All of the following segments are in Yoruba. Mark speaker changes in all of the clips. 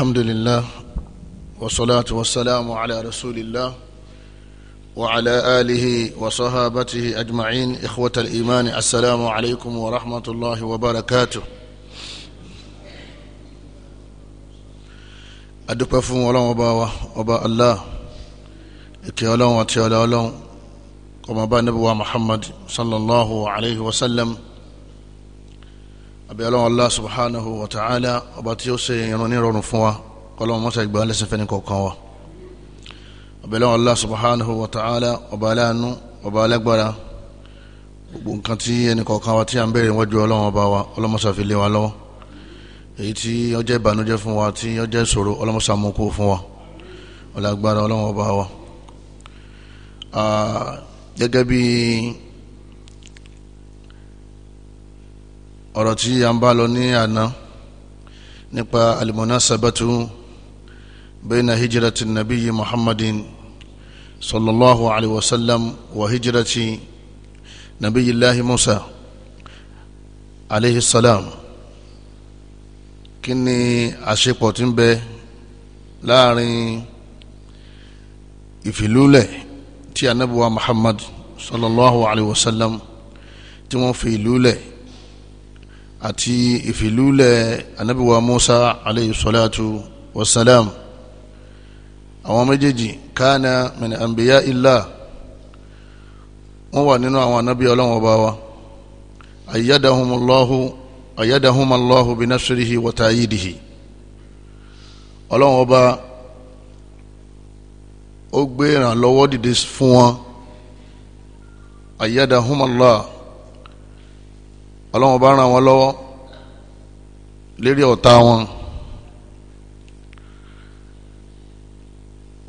Speaker 1: الحمد لله والصلاة والسلام على رسول الله وعلى آله وصحابته أجمعين إخوة الإيمان السلام عليكم ورحمة الله وبركاته adúpẹ́ fún ọlọ́run ọba wa ọba allah ìkẹ́ ọlọ́run àti ọlá ọlọ́run kó máa bá Ànábì wa muhammad sallallahu alayhi wa sallam àbí ọlọ́run allah subhanahu wa ta'ala ọba tí ó ṣe irun ní ìrọ̀rùn fún wa kọlọ́run mọ́sá ìgbà lẹ́sìn fẹ́ni kọ̀ọ̀kan wa àbí ọlọ́run allah subhanahu wa ta'ala ọba aláàánú ọba alágbára gbogbo nǹkan tí ẹni kọ̀ọ̀kan wa tí a ń bẹ̀rẹ̀ wájú ọlọ́run ọba wa ọlọ́run mọ́sá fi lé wa lọ́wọ́ èyí tí ó jẹ́ ìbànújẹ́ fún wa tí ó jẹ́ ìṣòro ọlọ́run mọ́sá mú ọ̀rọ̀ tí a ń bá lọ ní àná nípa al-munasabatu bayna hijrati nabiyyi muhammadin sallallahu alayhi wa sallam wa hijrati nabiyyi lahi musa alayhi salam kí ni àṣepọ̀ tí ń bẹ láàrin ìfìlúlẹ̀ tí anabuwa muhammad sallallahu alayhi wa tí wọ́n fi ìlú àti ìfìlúlẹ̀ anábíwá Musa alayhi salatu wasalam àwọn méjèèjì kana min anbiya illah wọ́n wà nínú àwọn anábí ọlọ́wọ́n ọba wa ayyadahumullahu ayyadahumallahu bi nasrihi wa tayidihi ọlọ́wọ́n ọba ó gbé ìrànlọ́wọ́ dìde fún wọn ayyadahumallahu ọlọ́run bá ràn wọ́n lọ́wọ́ lérí ọ̀tá wọn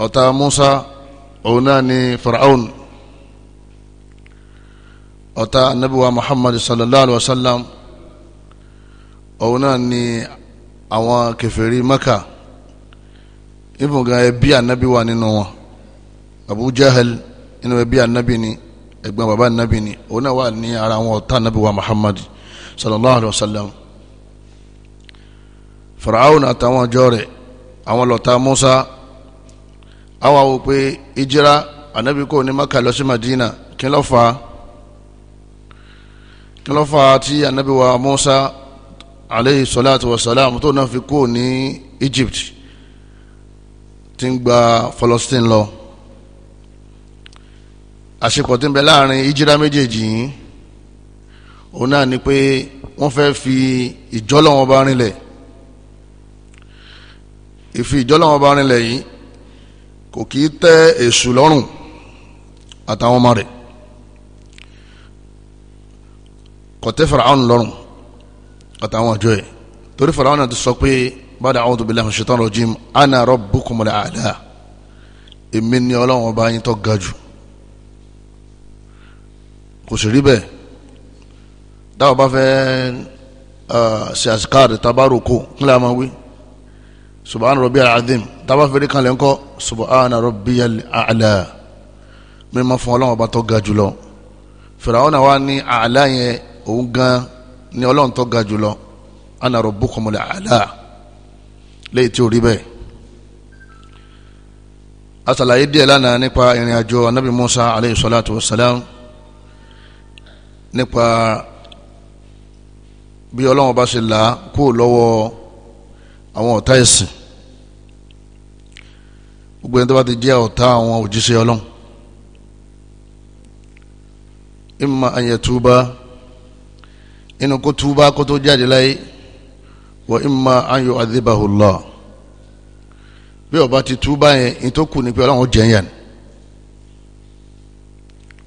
Speaker 1: ọ̀tá Musa òun náà ni Firaun ọ̀tá anabiwa Muhammad sallallahu alaihi wa sallam òun náà ni àwọn kèfèrí Maka ibùgà ẹbí anabi wà nínú wọn Abu Jahal inú ẹbí anabi ni ẹ̀gbọ́n bàbá anabi ni òun náà wà ní ara wọn ọ̀tá anabiwa Muhammad sallallahu alaihi wa sallam faraahun àtàwọn ọjọ́ rẹ̀ àwọn lọ́ta musa àwa wò pé ìjìra anabi kò ní maka lọ sí madina kí ló fà á kí ló fà tí anabi musa aleyhi salatu wa salam tó náà fi kú ní egypt tí ń gba Palestine lọ àṣepọ̀ tí ń bẹ láàrin ìjìra méjèèjì yìí òun náà ni pé wọ́n fẹ́ fi ìjọ́lọ́wọ́n bá rinlẹ̀ ìfi ìjọ́lọ́wọ́n bá rinlẹ̀ yìí kò kí í tẹ́ èṣù lọ́rùn àtàwọn ọmọ rẹ̀ kò tẹ́ Fáráò lọ́rùn àtàwọn àjọ ẹ̀ torí Fáráò náà ti sọ pé bàdà a'udhu billahi minash shaitanir rajim ana rabbukumul a'la èmi ni ọlọ́wọ́n bá yín tó ga jù kò sì rí bẹ́ẹ̀ táwọn bá fẹ́ ṣe àṣìkáàrì tabaroko nílẹ̀ àmọ́ wí subahana rabbi al-azim tábà fèrè kan lẹ́ńkọ́ subahana rabbi al-ala mi ma fún ọlọ́run ọba tó ga jùlọ Fìràwọ́nà wa ní àlá yẹn òun gan ni ọlọ́run tó ga jùlọ ana rabbukumul ala léyìí tí ò rí bẹ́ẹ̀ asàlàyé díẹ̀ lánàá nípa ìrìn àjò anabi Musa aleyhi salatu wa salam nípa bí ọlọ́run bá ṣe là á kúrò lọ́wọ́ àwọn ọ̀tá ẹ̀sìn gbogbo ẹni tó bá ti jẹ́ ọ̀tá àwọn òjíṣẹ́ ọlọ́run imma an yatuba inú kó túbá kó tó jáde láyé wa imma an yu'adhibahu Allah bí ó ti túbá yẹn ìtókù ní pé ọlọ́run jẹ́ yẹn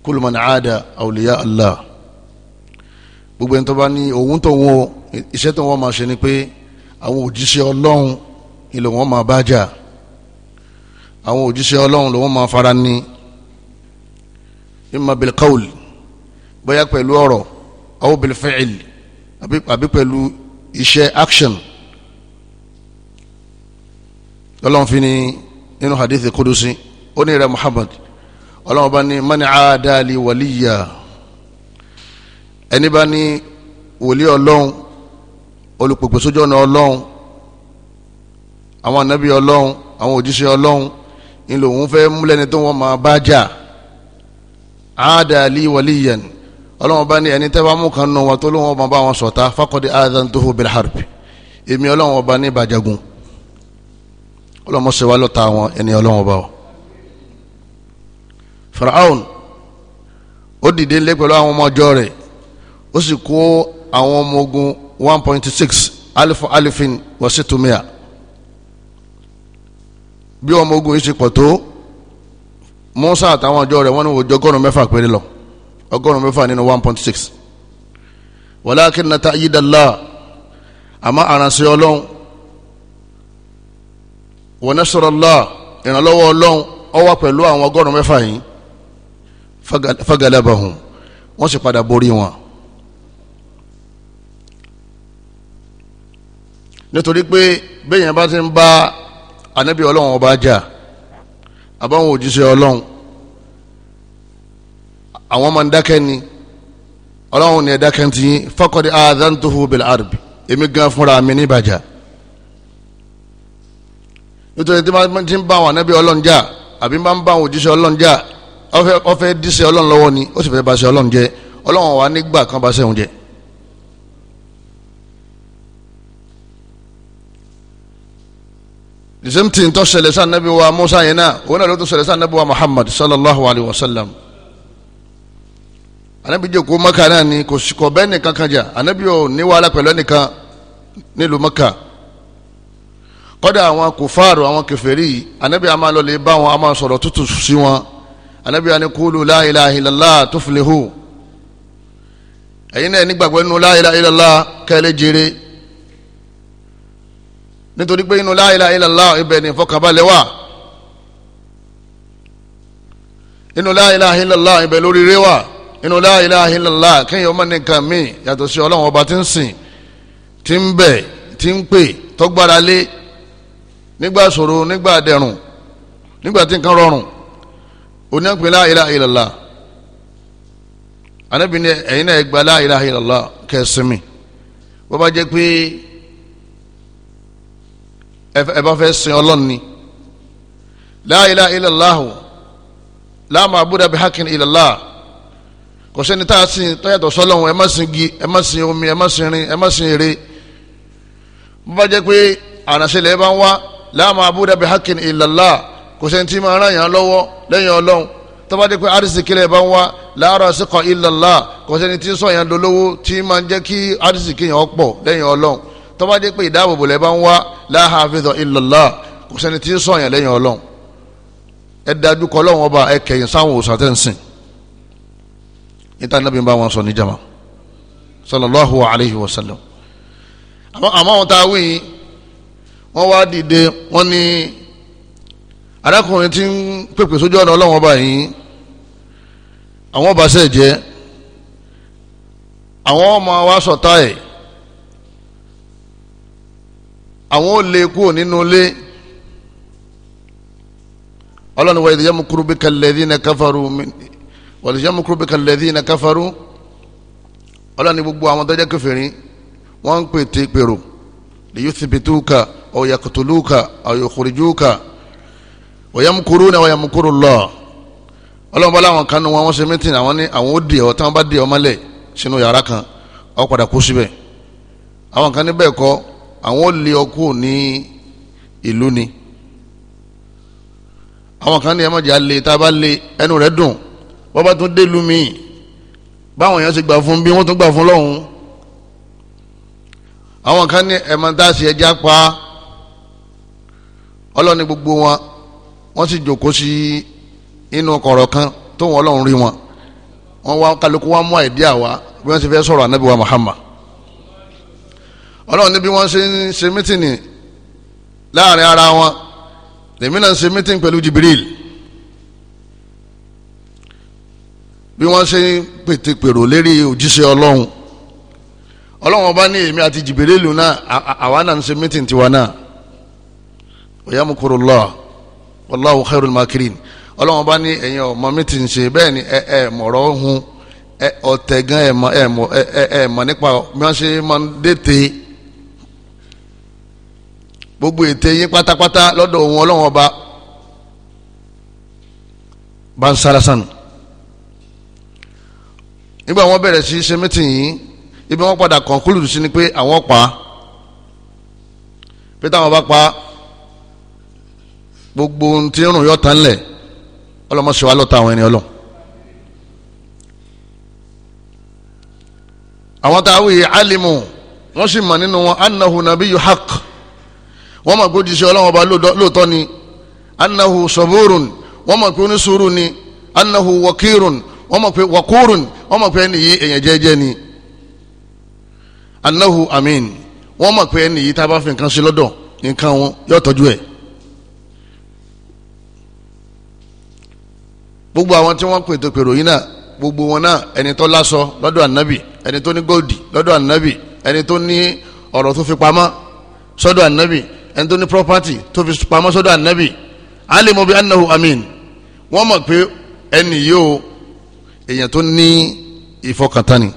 Speaker 1: kullu man aada awliya Allah gbogbo ẹni tó bá ní òun tó wọn iṣẹ́ tó wọ́n máa ṣe ni pé àwọn òjíṣẹ́ ọlọ́run ni lòun máa bá jà àwọn òjíṣẹ́ ọlọ́run lòun máa fara ní imma bil bóyá pẹ̀lú ọ̀rọ̀ aw bil àbí pẹ̀lú iṣẹ́ action ọlọ́run fi ni nínú hadith kudusi ó ní rẹ̀ Muhammad ọlọ́run bá ní mani aadali waliya ẹni bá ní wòlíì ọlọ́run olùpèpè sójú ọ̀nà ọlọ́run àwọn ànábì ọlọ́run àwọn òjíṣẹ́ ọlọ́run ń lò wọ́n fẹ́ múlẹ́ni tó wọ́n máa bá jà àádàlí wàlíyàn ọlọ́run bá ní ẹni tẹ́ bá mú kan nù wọn tó lóun ọba bá wọn sọ̀tá faqad aadhantuhu bil harb èmi ọlọ́run ọba ní ìbàjẹ́gun ọlọ́run ṣe wá lọ́ta àwọn ẹni ọlọ́run ọba o. Firaun ó dìde lé pẹ̀lú àwọn ọmọ ọjọ́ rẹ̀ ó sì kó àwọn ọmọ ogun one point six alifu alifin wọ́n sì tó mìíràn bí ọmọ ogun yìí ṣe pọ̀ tó Musa àtàwọn ọjọ́ rẹ̀ wọ́n ní òjò ọgọ́rùn-ún mẹ́fà péré lọ ọgọ́rùn mẹ́fà nínú one point six walakin na ta'yid Allah àmọ́ àránṣẹ́ ọlọ́run wa nasr Allah ìrànlọ́wọ́ ọlọ́run ó wà pẹ̀lú àwọn ọgọ́rùn-ún mẹ́fà yìí fagalabahum wọ́n sì padà borí wọn. nítorí pé bẹ́ẹ̀ yẹn bá ti ń bá ànábì ọlọ́run ọba jà àbáwọn òjíṣẹ́ ọlọ́run àwọn máa ń dákẹ́ ni ọlọ́run ni ẹ dákẹ́ ti yín faqad aadhantuhu bil harb èmi gan fúnra mi níbàjá nítorí tí wọ́n ti ń bá àwọn ànábì ọlọ́run jà àbí máa ń bá àwọn òjíṣẹ́ ọlọ́run jà ó díṣẹ́ ọlọ́run lọ́wọ́ ni ó sì fẹ́ bá ṣe ọlọ́run jẹ ọlọ́run wà nígbà kan bá ṣe jẹ. the same thing tó ṣẹlẹ̀ sí anabi wa musa yẹn náà òun náà ló tó ṣẹlẹ̀ sí anabi wa muhammad sallallahu alayhi wa sallam anabi jẹ́ kó maka náà ni kò sí kò bẹ́ẹ̀ nìkan kan jà anabi ò ní wàhálà pẹ̀lú ẹnìkan nílùú maka kọ́dà àwọn kòfàrò àwọn kẹfẹ́rì anabi a máa lọ lè bá wọn a máa sọ̀rọ̀ tútù anabi a ní la ilaha illallah tuflihu ẹ̀yin náà nígbàgbọ́ nínú la ilaha illallah kẹ́lẹ́ jèrè nítorí pé inú la ilaha illallah ibẹ̀ ní ìfọkànbalẹ̀ wà inú la ilaha illallah ibẹ̀ lórí rẹ wà inú la ilaha illallah kéèyàn ọmọ nìkan míì yàtọ̀ sí ọlọ́run ọba tí ń sìn tí ń bẹ̀ tí ń pè tọ́gbára lé nígbà ṣòro nígbà dẹ̀rùn nígbà tí nǹkan rọrùn oní àpè la ilaha illallah anábìíní ẹ̀yin náà gba la ilaha kẹsìmì bó jẹ́ pé ẹ bá fẹ́ sin ọlọ́run ni la ilaha illallah la ma'buda bihaqqin illallah kò sẹ́ni tá a sin tó yàtọ̀ sọ́lọ́run ẹ má sin gi ẹ má sin omi ẹ má sin rin ẹ má sin eré bó bá jẹ́ pé àránṣẹ́lẹ̀ bá ń wá la ma'buda bihaqqin illallah kò sẹ́ni tí máa ràn yàn lọ́wọ́ lẹ́yìn ọlọ́run tó bá jẹ́ pé arísìkí lẹ̀ bá ń wá la rasiqa illallah kò sẹ́ni tí ń sọ yàn dolówó tí máa jẹ́ kí arísìkí yàn ọ̀pọ̀ lẹ́yìn ọlọ́run tó bá jẹ́ pé ìdáàbòbò lẹ̀ bá ń wá la hafiza illallah kò sẹ́ni tí ń sọ̀yàn lẹ́yìn ọlọ́run ẹ dájú kọ́ ọlọ́run ọba ẹ kẹ̀yìn sáwọn òòsàn tẹ́ ń sìn níta nàbí ń bá wọn sọ ní jama sallallahu alayhi wa sallam àmọ́ àwọn tá a wí yìí wọ́n wá dìde wọ́n ní arákùnrin tí ń pèpè sójú ọ̀nà ọlọ́run ọba yìí àwọn ọba sẹ́ẹ̀ jẹ́ àwọn ọmọ wa sọ̀tá ẹ̀ àwọn ò lè kúrò nínú ilé ọlọ́ni wa ìdíyàmú kúrú bí kàlẹ́dí na káfàrú wà ìdíyàmú kúrú bí kàlẹ́dí na káfàrú ọlọ́ni gbogbo àwọn tọ́jà kẹfìrín wọ́n ń pètè pèrò liyuthibituka aw yaqtuluka aw yukhrijuka wa yamkuruna wa yamkuru Allah ọlọ́run bá láwọn kan nu wọn wọ́n ṣe mítìn àwọn ní àwọn ó dì ọ́ táwọn bá dì ọ́ mọ́lẹ̀ sínú yàrá kan ó padà kú síbẹ̀ àwọn kan níbẹ̀ kọ́ àwọn lè ọkọ ní ìlú ni àwọn kan ní ẹ mọ̀jà lè tá a bá lè ẹnu rẹ̀ dùn wọ́n bá tún délùú míì báwọn èèyàn ṣe gbà fún bí wọ́n tún gbà fún lọ́hùn àwọn kan ní ẹ̀mọ tá a ṣe ẹja pa ọlọ́ni gbogbo wọn wọ́n sì jòkó sí inú kọ̀rọ̀ kan tóun ọlọ́run rí wọn wọ́n wá kálukú wá mú àìdí àwa bí wọ́n ti fẹ́ sọ̀rọ̀ ànábì Muhammad ọlọ́run ní bí wọ́n ṣe ń ṣe mítìnì láàrin ara wọn lèmi náà ń ṣe mítìnì pẹ̀lú Jibril bí wọ́n ṣe ń pètèpèrò lérí òjíṣẹ́ ọlọ́run ọlọ́run ọba ní èmi àti Jibril náà àwa náà ń ṣe mítìnì tiwa náà yamkurullah wallahu khairul makirin ọlọ́run bá ní ẹ̀yin ọmọ mi ti ń ṣe bẹ́ẹ̀ ni ẹ ẹ mọ̀rọ̀ hun ẹ ọ̀tẹ̀ mọ̀ nípa bí wọ́n ṣe máa ń dètè gbogbo ète yín pátápátá lọ́dọ̀ òun ọlọ́wọ́n ọba bá ń sára sànù nígbà wọn bẹ̀rẹ̀ sí ṣe mítìn yìí ibi wọn padà conclude sí ni pé àwọn pa pé táwọn bá pa gbogbo ohun tí ń rùn yọ̀ọ̀ta ńlẹ̀ ọlọ́mọṣẹ́wá lọ́ta àwọn ẹni ọlọ́run. àwọn táwọn yìí alimu wọ́n sì mọ̀ nínú wọn anahu nabiyu haqq wọ́n mọ̀ pé ojúṣe ọlọ́run ọba lóòótọ́ ni annahu saburun wọ́n mọ̀ pé onísùúrù ni annahu wakirun wọ́n mọ̀ pé wakurun wọ́n mọ̀ pé ẹni yìí èèyàn jẹ́jẹ́ ni annahu amin wọ́n mọ̀ pé ẹni yìí tá a bá fi nǹkan sí lọ́dọ̀ nǹkan wọn yóò tọ́jú ẹ̀. gbogbo àwọn tí wọ́n pè tó pèrò yìí náà gbogbo wọn náà ẹni tó láṣọ lọ́dọ̀ ànábì ẹni tó ní góòdì lọ́dọ̀ ànábì ẹni tó ní ọ̀rọ̀ tó fi pamọ́ sọ́dọ̀ ànábì ẹni ní property tó fi pamọ́ sọ́dọ̀ ànábì alimu bi anahu amin wọ́n mọ̀ pé ẹni yìí o èèyàn tó ní ìfọkàntánì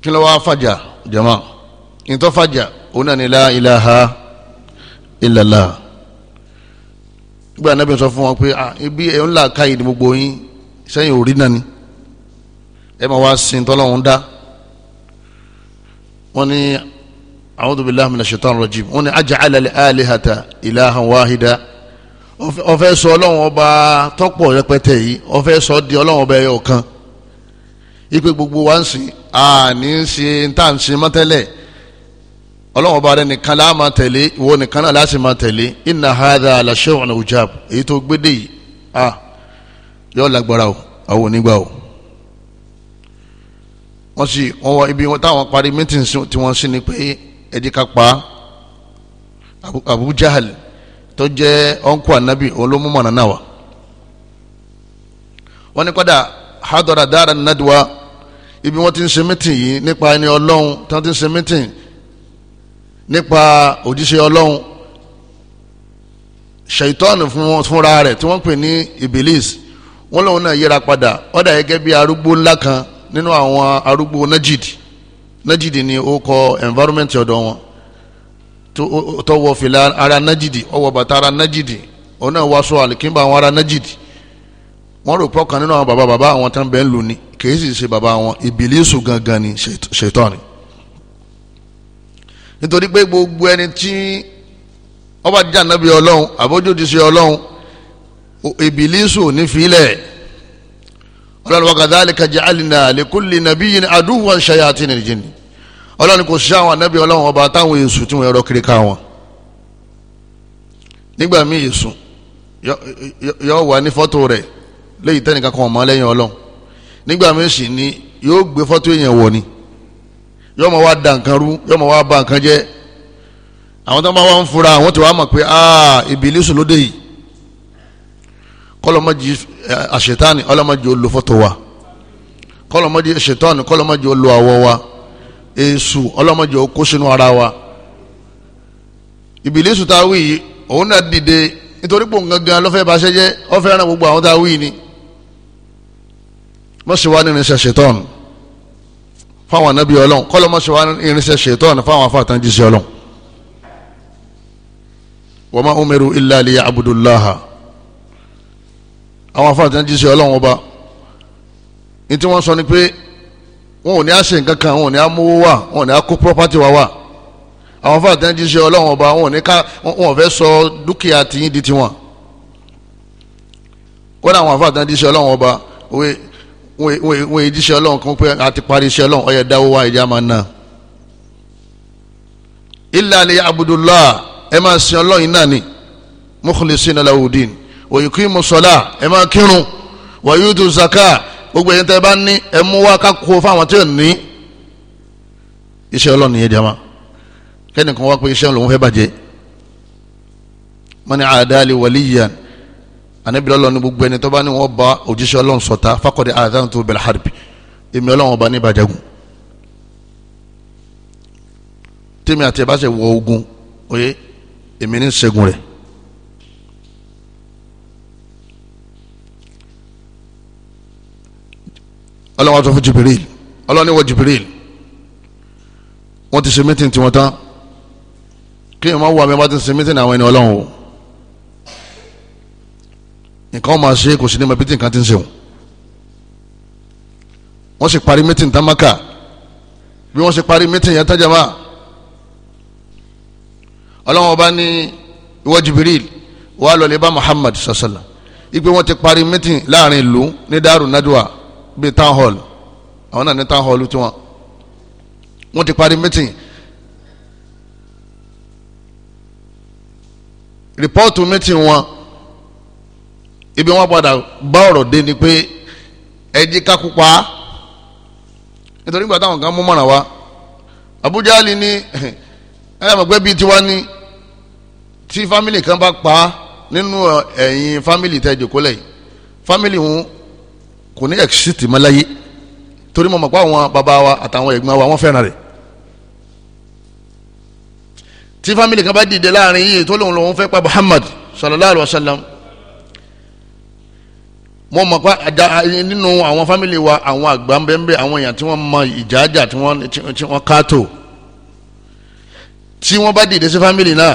Speaker 1: kí ló wá fàjà jama ìtọ́ fàjà òun náà ní la ilaha illallah gbogbo ànábì sọ fún wọn pé ah, ibi ẹ̀ ń là ká yìí ní gbogbo yín sẹ́yìn ò rí náà ni ẹ máa wá sin tọ́lọ́hún dá wọ́n ní. أعوذ بالله من الشيطان الرجيم. wọ́n ní aj'ala al-alihata ilahan wahida ó fẹ́ sọ ọlọ́run ọba tọ́pọ̀ rẹpẹtẹ yìí ó fẹ́ sọ di ọlọ́run ọba ẹyọ kan ipe gbogbo wa ń sìn àní ń ṣe ń tà ń ṣe mọ́tẹ́lẹ̀ ọlọ́run ọba rẹ nìkan láà máa tẹ̀lé ìwọ nìkan náà láà sì máa tẹ̀lé inna hadha la shay'un ujab èyí tó gbédè yìí a yóò lágbára o àwọn onígbà o wọ́n sì wọ́n wọ ibi táwọn parí mítìnsì tí wọ́n sì ní pé ẹdí ká pa Abu Jahal tó jẹ́ ọ̀nkú anabi òun ló mú mọ̀nà náà wá wọ́n ní kọ́dà hadara dara nadwa ibi wọ́n ti ń ṣe mítìn yìí nípa ẹni ọlọ́run tí wọ́n ti ń ṣe mítìn nípa òjíṣẹ́ ọlọ́run ṣèitọ́ọ̀nù fúnra rẹ̀ tí wọ́n pè ní ibilis wọ́n lòun náà yíra padà ọ̀dà gẹ́gẹ́ bí arúgbó ńlá kan nínú àwọn arúgbó najid Najidi ni ó kọ environment ọ̀dọ̀ wọn tó wọ fìlà ara nájìdì ọwọ́ bàtà ara nájìdì òun náà wá sọ àlìkínbà àwọn ara nájìdì wọ́n rò pọ́kàn nínú àwọn bàbá bàbá àwọn tán bẹ́ẹ̀ ń lù ní kìí sì ṣe bàbá wọn ìbílísù gangan ni ṣètọ́ ni nítorí pé gbogbo ẹni tí ọba jíjà nábì ọlọ́run àbójútì ṣe ọlọ́run ìbílísù nífìlẹ̀ ọlọ́run wa kadhalika ja'alna likulli nabiyyin aduwwan shayatin al-jinn ọlọ́run kò sí àwọn anábì ọlọ́run ọba táwọn èṣù tí wọ́n yọrọ kiri ká wọn. nígbà míì èṣù yóò wà ní fọ́tò rẹ̀ léyìí tẹ́nìkan kan ọ̀mọ́ lẹ́yìn ọlọ́run nígbà míì sì ni yóò gbé fọ́tò èèyàn wọ̀ ni yóò máa wá da nǹkan rú yóò máa wá ba nǹkan jẹ́ àwọn tó máa wá ń fura àwọn tó wá mọ̀ pé ah Ìbílísù lóde kọlọmọdì àṣetánì eh, ọlọmọdì olùfọtò wa kọlọmọdì àṣetánì kọlọmọdì olùwàwọ wa èṣù ọlọmọdì okó sínú ara wa ìbílísù tá a wí yìí òun náà dìde nítorí pò ń gangan lọ́fẹ́ bá ṣẹ́jẹ́ ọ̀fẹ́ ẹran gbogbo àwọn tá a wí ni mọ̀ṣẹ̀wá ní irinṣẹ́ ṣetán fáwọn anábì ọlọ́run kọ́lọ́ irinṣẹ́ ṣetán fáwọn afáàtàn jíṣẹ́ ọlọ́run wa ma umiru illa liya'budullaha àwọn afáàtì náà jíṣẹ́ ọlọ́run ọba ní tí wọ́n sọ ni pé wọn ò ní á ṣe nǹkan kan wọn ò ní á mówó wá wọn ò ní á kó property wá wá àwọn afáàtì náà jíṣẹ́ ọlọ́run ọba wọn ò ní ká wọn ò fẹ́ sọ dúkìá tìyín di tiwọn wọn àwọn afáàtì náà jíṣẹ́ ọlọ́run ọba wọn èyí jíṣẹ́ ọlọ́run kan pé àti parí iṣẹ́ ọlọ́run ọyẹ dáwó wá ìjà máa ná illa li abudullah ẹ máa sin ọlọ́run náà ni mukhlisina lahudin wa yuqimu sọlá ẹ máa kírun wa yutu zaka gbogbo ẹ̀yin tẹ́ ẹ bá ní ẹ mú wá kákó fáwọn tí ò ní. iṣẹ́ ọlọ́run yẹn jama kẹ́nìkan wá pé iṣẹ́ òun fẹ́ bàjẹ́ mani àdáli waliyan anabi lọ́lọ́ ní gbogbo ẹni tó bá ní wọ́n bá òjíṣẹ́ ọlọ́run sọ̀tá fakọ̀dé àdáhùn tó bẹ̀rẹ̀ harbi èmi ọlọ́run ọba ní ọlọ́wọ́n sọ fún Jibril ọlọ́ni wọ Jibril wọ́n ti ṣe mítìn tiwọn tán kí ni wọ́n wọ àmì wọ́n ti ṣe mítìn àwọn ẹni ọlọ́run o nǹkan ọmọ ṣe kò sí ní mọ̀bí tí nǹkan ti ń ṣeun wọ́n sì parí mítìn tán Mákà bí wọ́n ṣe parí mítìn yẹn tán ọlọ́run ọba ní ìwọ Jibril wàá lọ bá Muhammad sallallahu alaihi wasallam ìpè wọ́n ti parí mítìn láàrin ìlú ní Darun Nadwa bíi town hall àwọn náà ní town hall tiwọn wọ́n ti parí meeting rìpọ́ọ̀tù meeting wọn ibi wọn padà bá ọ̀rọ̀ dé ni pé ẹjí kákúpa nítorí ìgbà táwọn kan mú mọ̀nà wa Abuja ali ní ẹlẹ́mọ̀gbẹ́ bíi tiwa ní tí fámìlì kan bá pa nínú eh, ẹ̀yìn fámìlì tẹ́jọ kólẹ̀ yìí fámìlì wọn kò ní ẹ̀kṣítì mọ́láyé torí mo mọ̀ pé àwọn bàbá wa àtàwọn ẹ̀gbọ́n wa wọ́n fẹ́ràn rẹ̀ tí fámìlì kan bá dìde láàrin yìí tó lóun lòun fẹ́ pa Muhammad sallallahu alayhi wa sallam mo mọ̀ pé nínú àwọn fámìlì wa àwọn àgbà ń bẹ́ẹ̀ ń bẹ́ẹ̀ àwọn èèyàn tí wọ́n mọ ìjàjà tí wọ́n káàtó tí wọ́n bá dìde sí fámìlì náà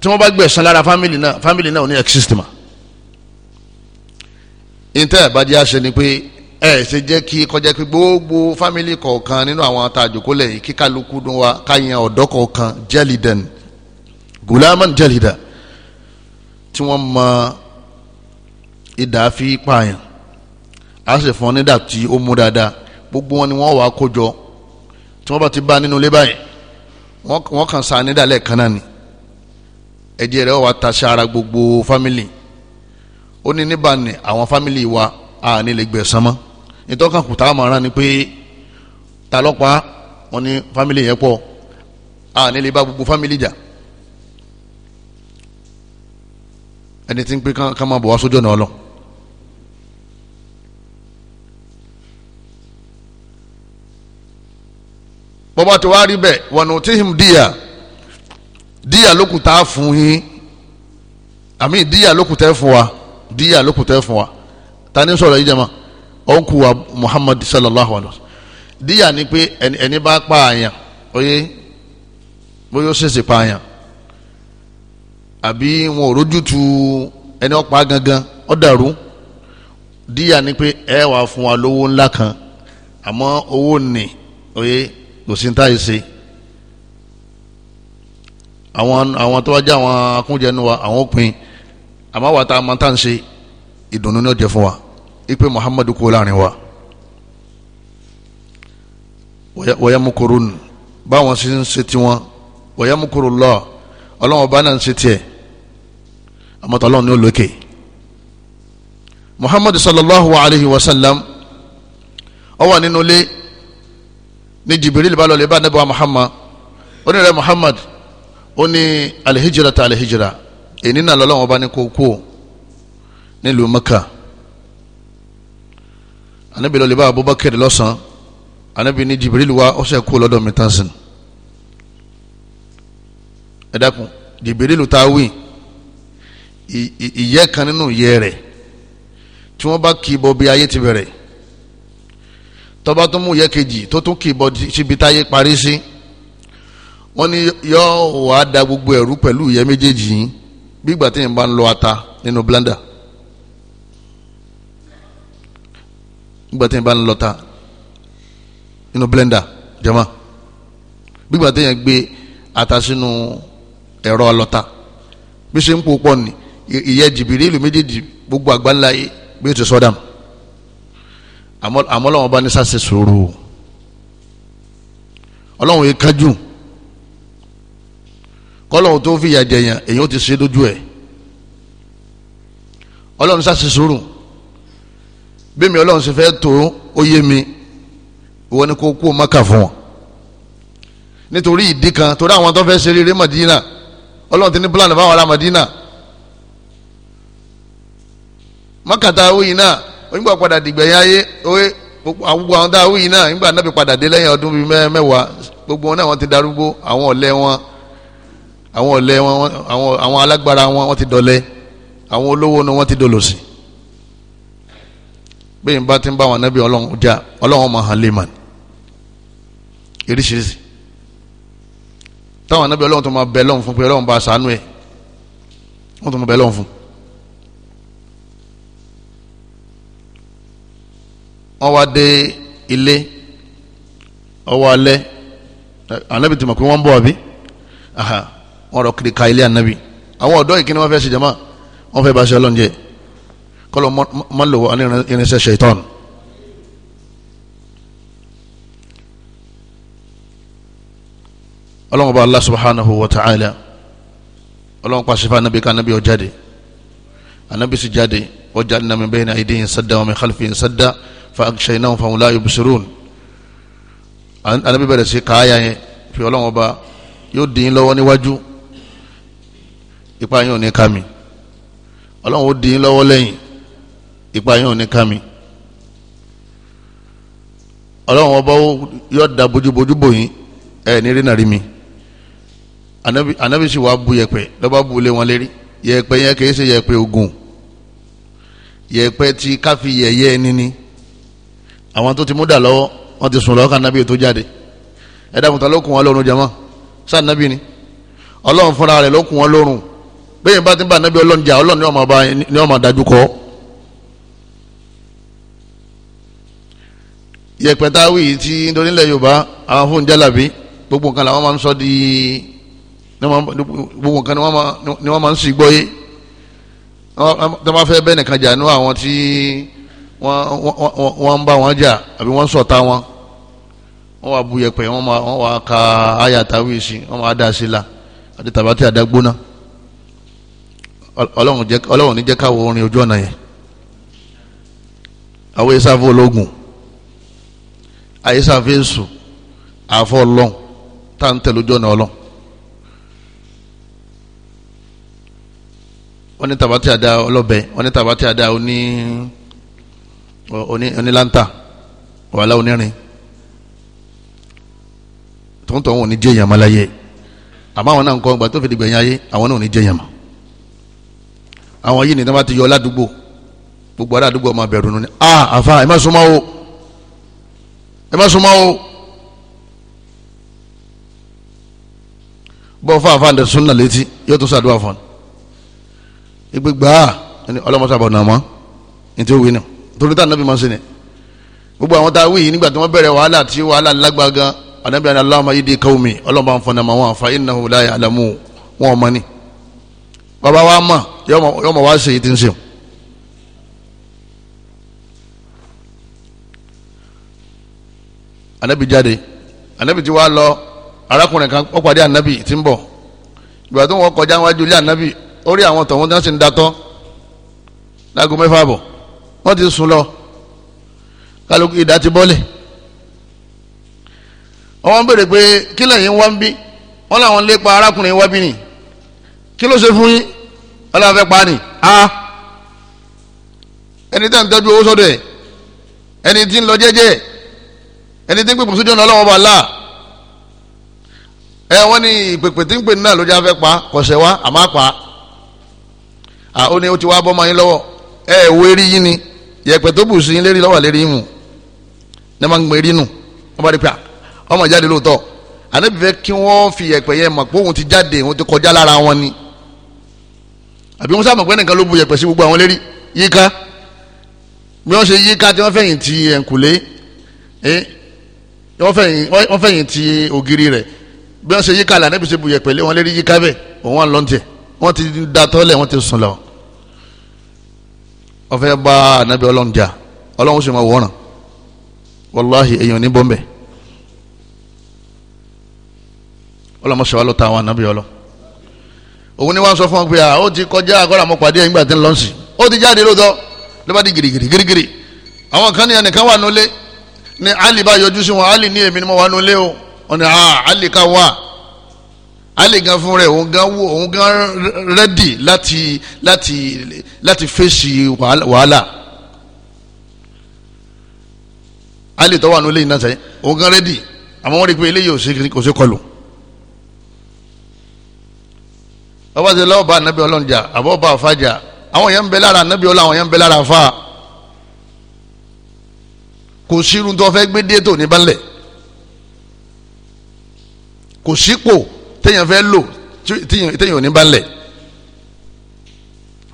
Speaker 1: tí wọ́n bá gbẹ̀san lára fámìlì náà fámìlì náà ò ní ẹ̀kṣítì mọ́ ìtẹ́ ìbàjẹ́ àṣẹ ni pé ẹ ṣe jẹ́ kí kọjá pé gbogbo fámìlì kọ̀ọ̀kan nínú àwọn àtàjòkólẹ̀ yìí kíkálukú dún wa káyàn ọ̀dọ́ kọ̀ọ̀kan jẹ́lìdẹ̀n gulaman jẹ́lìdà tí wọ́n mọ ìdá fi pààyàn a sì fún ọ nídà tí ó mú dáadáa gbogbo wọn ni wọ́n wàá kó jọ tí wọ́n bá ti bá nínú ilé báyìí wọ́n kàn sa nídà lẹ́ẹ̀kan náà ni ẹ̀jẹ̀ rẹ̀ wà ta sí ara gbogbo fámìlì ó ní níbà ní àwọn fámìlì wa a ní lè gbẹ̀san mọ́ nítọ́kàn kùtà àmọ̀ràn ni pé ta lọ́pàá wọn ní fámìlì yẹn pọ̀ a ní lè bá gbogbo fámìlì jà ẹni tí ń pé ká máa bọ̀ wá sójú ọ̀nà ọlọ́run. bọ́bá tó wá rí bẹ́ẹ̀ wọnú tí him díyà díyà lókùtà fún yín àmì díyà lókùtà fún wa díyà ló kù tẹ́ fún wa ta ni yìí jẹ́ ma wa Muhammad sallallahu alayhi wa sallam díyà ni pé ẹni bá pa àyàn oyè bóyá ó ṣèṣì pa àyàn àbí wọn ò rójútu ẹni ọ̀pá gangan ó dàrú díyà ni pé ẹ wàá fún wa lówó ńlá kan àmọ́ owó nì oyè kò sí ní táyì àwọn àwọn tó wá jẹ́ àwọn akúnjẹnu wa àwọn òpin àmọ́ wàá ta àmọ́ tá ìdùnnú ní ọ̀jẹ̀ fún wa ipe muhammadu kó láàrin wa wọ́yàmukurun báwọn ṣe ń ṣe tiwọn wọ́yàmukurun lọ ọlọ́wọ́n bá náà ń ṣe tiẹ̀ àmọ́ ní olókè muhammadu sallallahu alayhi wa sallam ó wà nínú ilé ní jibiril bá lọlẹ́ bá nebà muhammad ó ní muhammad ó ní alihijira ta alihijira èyí náà lọ́lọ́wọ́n bá ní kó kú nílùú Mẹ́kà anabi lọ́lẹ́ bá Abubakar lọ́sàn-án anabi ní Jibril wa ọ̀sẹ̀ kú lọ́dọ̀ mi tán sìn ẹ dákun Jibril ta wí ìyẹ́ kan nínú ìyẹ́ rẹ̀ tí wọ́n bá kì í bọ bí ayé ti bẹ̀rẹ̀ tọ́ba tó mú ìyẹ́ kejì tó tún kì í bọ síbi táyé parí sí wọ́n ní yọ wàá da gbogbo ẹ̀rú pẹ̀lú ìyẹ́ méjèèjì yìí bí ìgbà tí yẹn bá ń lọ ata nínú blender ìgbà tí yẹn bá ń lọ ta nínú blender jama bí ìgbà tí yẹn gbé ata sínú ẹ̀rọ ọlọ́ta bí ṣe ń po pọ̀ ní ìyẹ́ jìbìrì ìlú méjèèjì gbogbo àgbáńlá yìí bí ó ti sọ́dà àmọ́ làwọn bá ní sáṣẹ sòrò ọlọ́run yìí kájú kọ́lọ́hún tó fìyà jẹyàn èyàn ó ti ṣe lójú ẹ̀ ọlọ́run sá ṣe sùúrù bí mi ọlọ́run ṣe fẹ́ tó ó yé mi ìwọ ni kò kú maka fún wọn nítorí ìdí kan torí àwọn tó fẹ́ ṣe rere Madina ọlọ́run ti ní plan fáwọn ará Madina mọ́kàtà awúyìn náà onígbà padà dìgbẹ̀yìn ayé oye gbogbo àwọn tá awúyìn náà nígbà náà fi padà dé lẹ́yìn ọdún bíi mẹ́wàá gbogbo wọn náà wọ́n ti darúgbó àwọn ọ̀lẹ́ wọn àwọn ọ̀lẹ wọn àwọn alágbára wọn wọ́n ti dọ̀lẹ àwọn olówó ni wọ́n ti dolòṣì bẹ́ẹ̀ bá ti ń bá wọn nábì ọlọ́run já ọlọ́run máa hàn lèèmàn oríṣiríṣi táwọn nábì ọlọ́run tó máa bẹ lọ́run fún pé ọlọ́run bá ṣàánú ẹ̀ wọ́n tó máa bẹ lọ́run fún. wọ́n wá dé ilé ọwọ́ alẹ́ ànábì tí mọ̀ pé wọ́n ń bọ̀ àbí wọn rọ kiri ka ilé anabi àwọn ọ̀dọ́ ìkíni wọn fẹ́ ṣe jama wọn fẹ́ bá ṣe ọlọ́njẹ kọlọ mọ́lò wọn ní irinṣẹ́ ṣètọ́n. ọlọ́run bá Allah subhanahu wa ta'ala ọlọ́run pa ṣe fún anabi ká anabi ó jáde anabi sì jáde ó jáde náà mi bayna aydihim sadda wa min khalfihim sadda fa aghshaynahum fahum la yubsirun anabi bẹ̀rẹ̀ sí káyà yẹn fi ọlọ́run bá yóò dín in lọ́wọ́ níwájú ipa yín ò ní ká mi ọlọ́run ó di yín lọ́wọ́ lẹ́yìn ipa yín ò ní ká mi ọlọ́run ọba yóò da bójúbójú bò yín ẹ ní rí nàrí mi anabi anabi sì wá bu yẹ̀pẹ̀ lọba bu lé wọn lérí yẹ̀pẹ̀ yẹn kì í ṣe yẹ̀pẹ̀ ogun yẹ̀pẹ̀ tí káfí yẹyẹ ẹni àwọn tó ti mú dà lọ́wọ́ wọ́n ti sùn lọ́wọ́ kànábì tó jáde ẹ̀dá mùtá ló wọn lọ́rùn jama sáà nábì ni ọlọ́run fúnra rẹ̀ ló wọn lọ́rùn bẹ́ẹ̀ bá ti ń bá anabi ọlọ́run jà ọlọ́run ni ọmọ ọba ni ọmọ adájú kọ́ yẹpẹtawi ti nítorí ilẹ̀ yorùbá àwọn fún jálàbí gbogbo nǹkan làwọn máa ń sọ di gbogbo nǹkan ni wọ́n máa ń sì gbọ́ yé tó bá fẹ́ bẹ́ẹ̀ nìkan jà nínú àwọn tí wọ́n ń bá wọn jà àbí wọ́n ń ṣọ̀tá wọn wọ́n wá bu yẹpẹ wọ́n wá ka ayatawi sí wọ́n wá dá sí la àti tàbátì àdágbóná ọlọ́run ní jẹ́ káwọ orin ojú ọ̀nà yẹn àwọn esáfó ológun àyíṣàfẹ́ èṣù àfọ ọlọ́run tá à ń tẹ̀lé ojú ọ̀nà ọlọ́run wọ́n ní tàbá tí a da ọlọ́bẹ wọ́n ní tàbá tí a da oní oní onílántà wàhálà onírin tòun tòun ò ní jẹ́ ìyàmọ́ láyé àmọ́ àwọn náà ń kọ́ ọgbà tó fi dìgbẹ̀yìn ayé àwọn náà ò ní jẹ́ ìyàmọ́ àwọn yìí nìkan bá ti yọ ládùúgbò gbogbo ará àdúgbò ọmọ abẹ̀rù nù ni a ah, àfa ẹ má súnmọ́ o ẹ má súnmọ́ o bọ́ fún àfa ǹdẹ̀ súnà létí yóò tún sàdúrà fún un ìgbé gbàá ẹni ọlọ́mọsàbọ̀ nà mọ́ ní tí ó wí nù torí tá ànábì máa ń sìn ní gbogbo àwọn tá a wí yìí nígbà tí wọ́n bẹ̀rẹ̀ wàhálà tí wàhálà lágbàá gan ànábì àni Allahumma yìí di kawmi ọlọ́mọ àǹfọ̀nàmọ́ wọn àfa innahu la ya'lamu wọn ọmọ ni bàbá wa mọ̀ yọ mọ̀ wá ṣe èyí tí ń ṣe. anabi jáde anabi ti wá lọ arákùnrin kan ó pàdé anabi tí ń bọ̀ ìgbà tó wọ́n kọjá wájú ilé anabi ó rí àwọn tọ̀hún tí wọ́n sì ń datọ́ láago mẹ́fà bọ̀ wọ́n ti sùn lọ kálukú ìdá ti bọ́lẹ̀ wọ́n béèrè pé kílẹ̀ yìí ń wá ń bí wọ́n láwọn lépa arákùnrin wá bí nìyí kí ló ṣe fún yín ọlọ́run fẹ́ pa ni a ẹni tí a ń tọ́jú owó sọ́dọ̀ ẹ̀ ẹni tí ń lọ jẹ́jẹ́ ẹni tí ń pèpè sójú ọ̀nà ọlọ́run ọba là ẹ wọ́n ní ìpèpè tí ń pè náà ló jẹ́ afẹ́ pa kọ̀ṣẹ́ wa àmọ́ pa a ó ní ó ti wá bọ́ ọmọ yín lọ́wọ́ ẹ wo eré yín ni yẹ̀pẹ̀ tó bù sí yín lérí lọ́wọ́ lérí yín mu ní wọ́n máa ń gbé eré nù wọ́n bá rí pa ọmọ ìjáde lóòótọ́ ànábìfẹ́ kí wọ́n fi yẹ̀pẹ̀ yẹn mọ̀ pé òun ti jáde òun ti kọjá lára wọn ni àbí wọ́n sábà pẹ́ẹ́nìkan ló bu yẹ̀pẹ̀ sí gbogbo àwọn lérí yíká bí wọ́n ṣe yíká tí wọ́n fẹ̀yìn ti ẹ̀ǹkùlé wọ́n fẹ̀yìn ti ògiri rẹ̀ bí wọ́n ṣe yíká là níbi ṣe bu yẹ̀pẹ̀ lé wọn lérí yíká bẹ́ẹ̀ òun wà lọ́ntẹ̀ wọ́n ti da tọ́lẹ̀ wọ́n ti sùn lọ. wọ́n fẹ́ bá ànábì ọlọ́run jà ọlọ́run sì máa wọ̀ràn wàláhì èèyàn ní bọ́m̀bẹ̀ ọlọ́mọṣẹ́ òun ni wọ́n sọ fún ọ pé ó ti kọjá àgọ́rà mọ́ pàdé ẹ̀yìn gbàtí ń lọ sí ó ti jáde lóòótọ́ ló bá di gìrìgìrì gìrìgìrì àwọn kan ní ẹnìkan wà nulẹ̀ ni Ali bá yọjú sí wọn Ali ní èmi ni mo wà nulẹ̀ o wọn ni ah Ali ká wà Ali gan fún rẹ òun gan wò òun gan rẹ́dì láti láti láti fèsì wàhálà Ali tó wà nulẹ̀ yìí náà sẹ́yìn òun gan rẹ́dì àmọ́ wọ́n rí i pé eléyìí ò sí kò sí kọlù. bàbá ti lọ́ọ́ bá anabi ọlọ́run jà àbọ̀ bá afa jà àwọn yẹn ń bẹ lára anabi ọlọ́run àwọn yẹn ń bẹ lára afa kò sírun tó fẹ́ gbé dé tó ní balẹ̀ kò sípò téèyàn fẹ́ lò téèyàn ò ní balẹ̀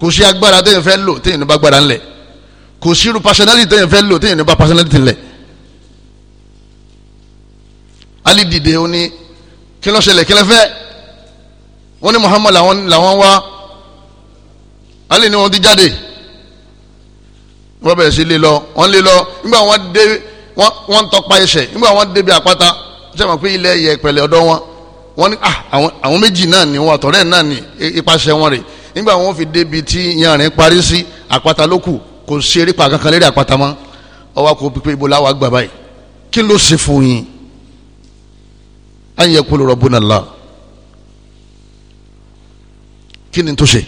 Speaker 1: kò sí agbára téèyàn fẹ́ lò téèyàn ní bá ńlẹ̀ kò sírun personality téèyàn fẹ́ lò téèyàn ní bá personality ńlẹ̀ alidide ó kí ló ṣẹlẹ̀ kí ló fẹ́ wọ́n ní Muhammad làwọn làwọn wá Ali ni wọ́n ti jáde wọ́n bẹ̀rẹ̀ sí lé lọ wọ́n lé lọ nígbà wọ́n dé wọ́n ń tọpa ẹsẹ̀ nígbà wọ́n débi àpáta ṣe mọ̀ pé ilẹ̀ yẹ pẹ̀lẹ́ ọ̀dọ́ wọn wọ́n ní ah, àwọn méjì náà ni wọn àtọ̀rẹ́ náà ni ipasẹ̀ wọn rè nígbà wọ́n fi débi tí yanrìn parí sí àpáta lókù kò sí erépa kankan lérí àpáta mọ́ ọwọ́ kò pípé ibo láwa gbà báyìí kí ló ṣe fún yín an yakulu rabbuna Allah kí ni tó ṣe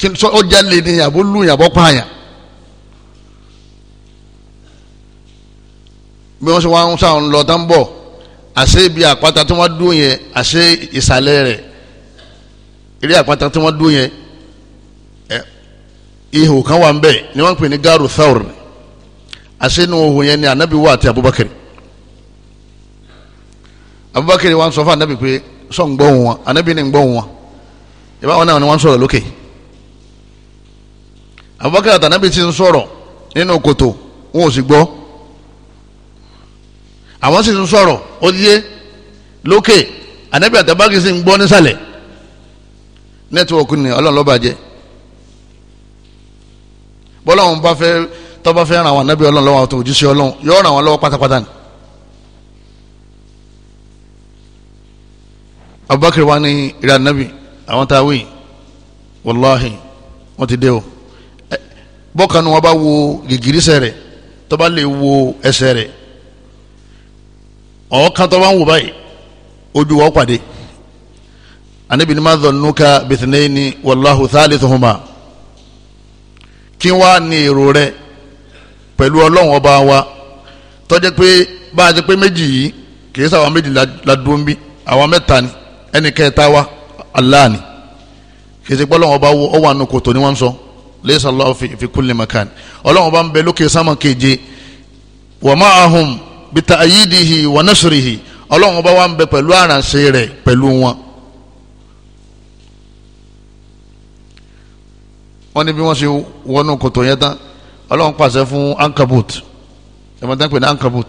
Speaker 1: kí ni ọjà lè ní àbó lùyìn àbó pààyàn bí wọ́n ṣe wá ń sáwọn lọ tán bọ̀ àṣé ibi àpáta tí wọ́n dún yẹn àṣé ìsàlẹ̀ rẹ̀ eré àpáta tí wọ́n dún yẹn ihò kan wà ń bẹ̀ ni wọ́n ń pè ní garu thawr àṣé inú ihò yẹn ni anabi wà àti abubakar abubakar wa ń sọ fún anabi pé sọ ń gbọ́ wọn anabi ni ń gbọ́ wọn ìbáwọn náà ni wọ́n ń sọ̀rọ̀ lókè Abubakar àtànábì ti ń sọ̀rọ̀ nínú kòtò wọn ò sì gbọ́ àwọn sì ń sọ̀rọ̀ ó yé lókè ànábì àtàbákì sì ń gbọ́ nísàlẹ̀ nẹ́tíwọ̀kì ni ọlọ́run lọ́ba jẹ́ bọ́lọ́run bá fẹ́ tọ́ba fẹ́ ràn àwọn ànábì ọlọ́run lọ́wọ́ àti òjíṣẹ́ ọlọ́run yóò ràn wọ́n lọ́wọ́ pátápátá ni. Abubakar wa ni ìrànnábì àwọn tá a wí wàláhì wọ́n ti dé o bọ́kànnù wọn bá wo gìgírísẹ̀ rẹ̀ tó bá lè wo ẹsẹ̀ rẹ̀ ọ̀ọ́kan tó bá ń wò báyìí ojú wọn pàdé anabi ni ma dhannuka bithnayni wallahu thalithuhuma kí wá ní èrò rẹ̀ pẹ̀lú ọlọ́run ọba wa tó jẹ́ pé bá a pé méjì yìí kì í sáwọn méjì la ń bí àwọn mẹ́ta ni ẹnì kẹta wa. Allah ni kìí ṣe pé ọlọ́run ọba wọ ọwọ́ àánú kòtò ni wọ́n ń sọ laysa Allahu fi kulli makan ọlọ́run ọba ń bẹ lókè sámà keje wa ma'ahum bi ta'yidihi wa nasrihi ọlọ́run ọba wa ń bẹ pẹ̀lú àrànṣe rẹ̀ pẹ̀lú wọn. wọ́n ní bí wọ́n ṣe wọnú kòtò yẹn tán ọlọ́run pàṣẹ fún ankabut ẹ̀mọ́tán pè ní ankabut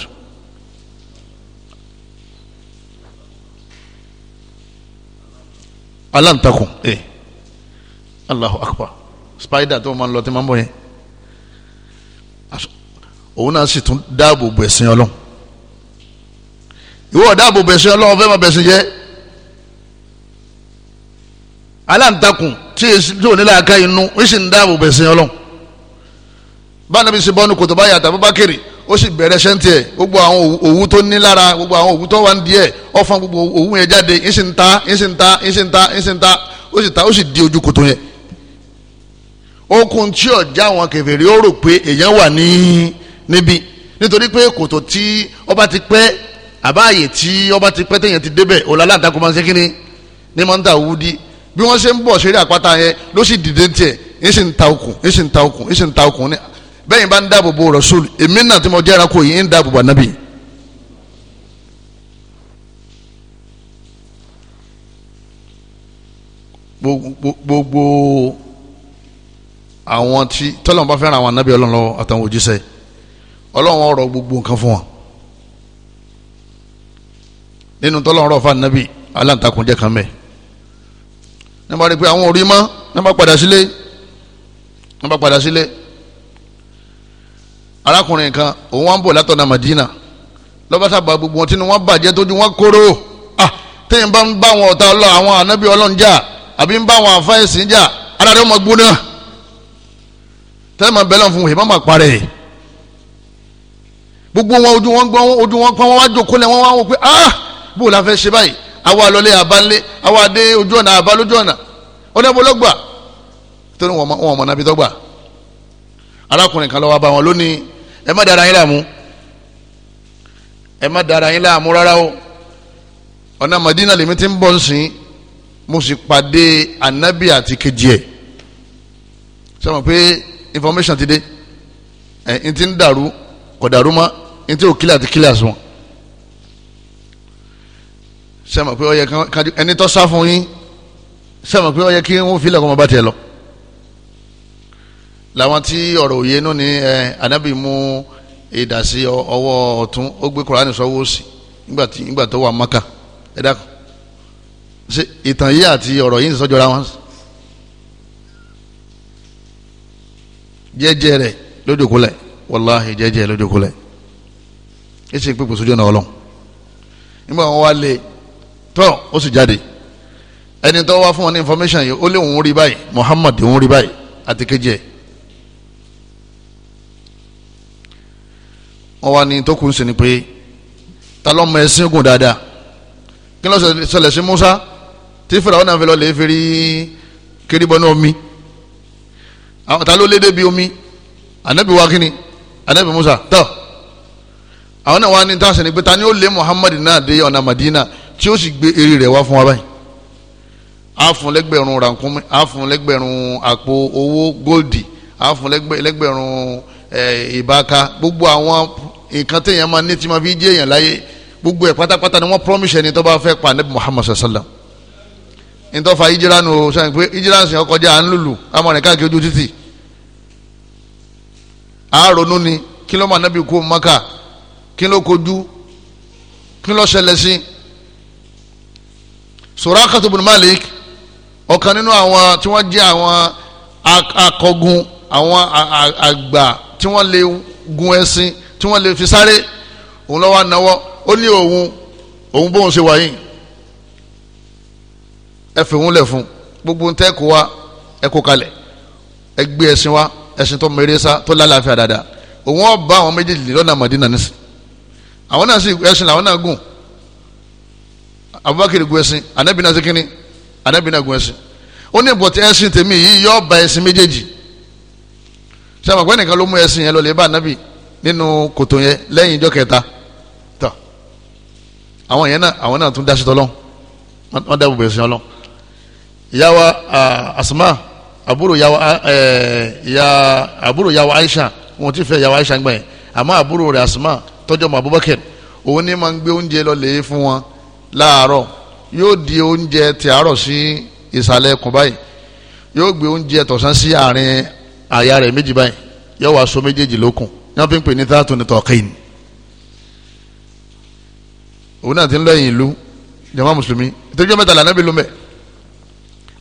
Speaker 1: aláǹtakùn ẹ eh. Allahu Akpa, spider tó máa ń lọ tí máa ń bọ̀ yẹn òun náà sì tún dáàbò bò ẹ̀sìn ọlọ́run ìwọ dáàbò bò ẹ̀sìn ọlọ́run fẹ́ máa bẹ̀sìn jẹ́ aláǹtakùn tí èsì tó nílẹ̀ àká inú ń sì ń dáàbò bò ọlọ́run bá nàbí ṣe bọ́nu kòtò bá yàtọ̀ bá bá kéré ó sì bẹ̀rẹ̀ sẹ́ńtì ẹ̀ gbogbo àwọn òwú tó ní lára gbogbo àwọn òwú tó wà ń díẹ̀ ó fọn gbogbo òwú yẹn jáde ń sì ń ta ń sì ń ta ń sì ń ta ń sì ń ta ó sì ta ó sì di ojú kòtò yẹn. okun tí ọ̀já àwọn kèfèrí ó rò pé èèyàn wà ní níbi nítorí pé kòtò tí ọba ti pẹ́ àbáàyè tí ọba ti pẹ́ téèyàn ti débẹ̀ òlàlá àtàkùn máa ń ṣe kínní ní máa ń ta òwú di bí wọ́n ṣe ń bọ̀ ṣeré àpáta yẹn ló sì dìde tiẹ̀ ń sì ń ta okùn ń sì ń ta okùn ń sì ń ta okùn ní bẹ́yìn bá ń dáàbò bo rasul èmi náà tí mo jẹ́ ẹranko yìí ń dáàbò bo anabi. gbogbo àwọn tí tọ́lọ́mù bá fẹ́ràn àwọn anabi ọlọ́run lọ́wọ́ àtàwọn òjíṣẹ́ ọlọ́run ọ̀rọ̀ gbogbo nǹkan fún wọn nínú tọ́lọ́run rọ̀ fún anabi aláǹtakùn jẹ́ kan mẹ́ẹ̀ nígbà tí àwọn orí mọ́ nígbà padà sílé nígbà padà sílé. arákùnrin kan òun wá ń bọ̀ látọ̀nà Madina lọ́bàtà ba gbogbo wọn tí wọ́n bàjẹ́ tójú wọn kóró ah téèyàn bá ń bá wọn ọ̀tá ọlọ́ àwọn ànábì ọlọ́run jà àbí ń bá wọn àfáìsìn jà ara rẹ̀ ọmọ gbóná tẹ́lẹ̀mọ̀ bẹ́lẹ̀ fún ìbámu àparẹ́ gbogbo wọn ojú wọn gbọ́n ojú wọn pọ́n wọn wá jókòólẹ̀ wọn wá wọ pé ah bó la fẹ́ ṣe báyìí àwa àwa ojú ọ̀nà wọn mọ̀ nàbí tọ́gbà arákùnrin kan bá wọn lónìí ẹ má dara yín láàmú ẹ má dara yín láàmú rárá o ọ̀nà Madina lèmi ti ń bọ̀ ń sìn mo sì pàdé anabi àti kejì ẹ̀ sọ ma pé information ti dé ẹ̀ n ti ń dàrú kò dàrú mọ́ n ti ò kílẹ̀ àti kílẹ̀ àsùnwọ̀n sọ ma pé ó yẹ ẹni tó sá fún yín sọ ma pé ó yẹ kí wọ́n fi ilẹ̀ kọ́ ọmọ bá tiẹ̀ lọ làwọn tí ọ̀rọ̀ òye nù ní ẹ anábì mú ìdásí ọwọ́ ọ̀tún ó gbé kuraani sọ́wọ́ sí nígbà tó wà maka ẹ dákun ṣe ìtàn yìí àti ọ̀rọ̀ yìí ń sọ́jọ́ra wọn jẹ́jẹ́ rẹ̀ lójókòlẹ̀ wàláhì jẹ́jẹ́ lójókòlẹ̀ ẹ ṣe pípò sójú ọ̀nà ọlọ́run nígbà wọn wá lé tọ́ ó sì jáde ẹni tó wá fún wọn ní information yìí ó lé rí báyìí Muhammad òun rí báyìí àti kejì ẹ̀ wọ́n wá ní tó kù ni pé ta ló mọ ẹsìn gùn dáadáa kí ló ṣẹlẹ̀ sí Musa tí fúra ọ̀nà àfẹlọ́ lè fẹ́rí kérébọ́nú omi ta ló lédè bí omi anabi wa kini anabi Musa tọ́ àwọn náà wá ní tá a sìn ni pé ta ni ó lé Muhammad náà dé ọ̀nà Madina tí ó sì gbé eré rẹ̀ wá fún wa báyìí àfúnlẹ́gbẹ̀rún rànkúnmi àfúnlẹ́gbẹ̀rún àpò owó góòdì àfúnlẹ́gbẹ̀rún ìbáka gbogbo àwọn nǹkan téèyàn máa ní tí máa fi jẹ́ èèyàn láyé gbogbo ẹ̀ pátápátá ni wọ́n promise ẹni tó bá fẹ́ pa nebi Muhammad sallam ntọ́fà ìjìrá nu sẹ́yìn pé ìjìrá sìn ọkọjá à ń lùlù amọ̀rìn káàkiri ojú títì àárọ̀nù ni kí ló máa nábì kú maka kí ló kojú kí ló ṣẹlẹ̀ sí Surakatu bin Malik ọ̀kan nínú àwọn tí wọ́n jẹ́ àwọn akọgun àwọn àgbà tí wọ́n lè gun ẹṣin tí wọ́n lè fi sáré òun lọ́wọ́ ànáwọ́ ó ní òun òun bóun ṣe wà ẹ fìhún lẹ̀ fún gbogbo ntẹ́ kó wa ẹ kó kalẹ̀ ẹ gbé ẹṣin wa ẹṣin tó mèrè sá tó lálàáfíà dáadáa òun ọ̀ bá àwọn méjèèjì lọ́nà Màdínà nísìn àwọn náà sì ẹṣin làwọn náà gùn Abubakar gun ẹṣin Ànábì náà ṣe kínní Ànábì náà gun ẹṣin ó ní bọ̀tí ẹṣin tèmi yìí yọ ọba ẹṣin méjèèjì sẹ́wọ̀n pé nìkan ló mú ẹ̀sìn yẹn lọ lè bá ànábì nínú kòtò yẹn lẹ́yìn ìjọ kẹta tọ́ àwọn yẹn náà àwọn náà tún dá ṣetọ́ lọ́n wọ́n dábòbò ẹ̀sìn ọlọ́n ìyáwa Asma àbúrò ìyáwa ìyá àbúrò ìyáwa Aisha wọn ti fẹ́ ìyáwa Aisha gbọ́n yẹn àmọ́ àbúrò rẹ̀ Asma tọ́jọ́ mọ́ Abubakar òun ní máa ń gbé oúnjẹ lọ lè fún wọn láàárọ̀ yóò di oúnjẹ tìárọ̀ sí ìsàlẹ̀ ẹkùn báyìí yóò gbé oúnjẹ tọ̀sán sí àárín àyà rẹ̀ méjì báyìí yóò wá so méjèèjì lókun ní wọ́n fi ń pè ní tààtù ní tọ̀kìn òun náà ti ń lẹ́yìn ìlú jama mùsùlùmí ìtọ́jú mẹ́tàlá náà bí ló ń bẹ̀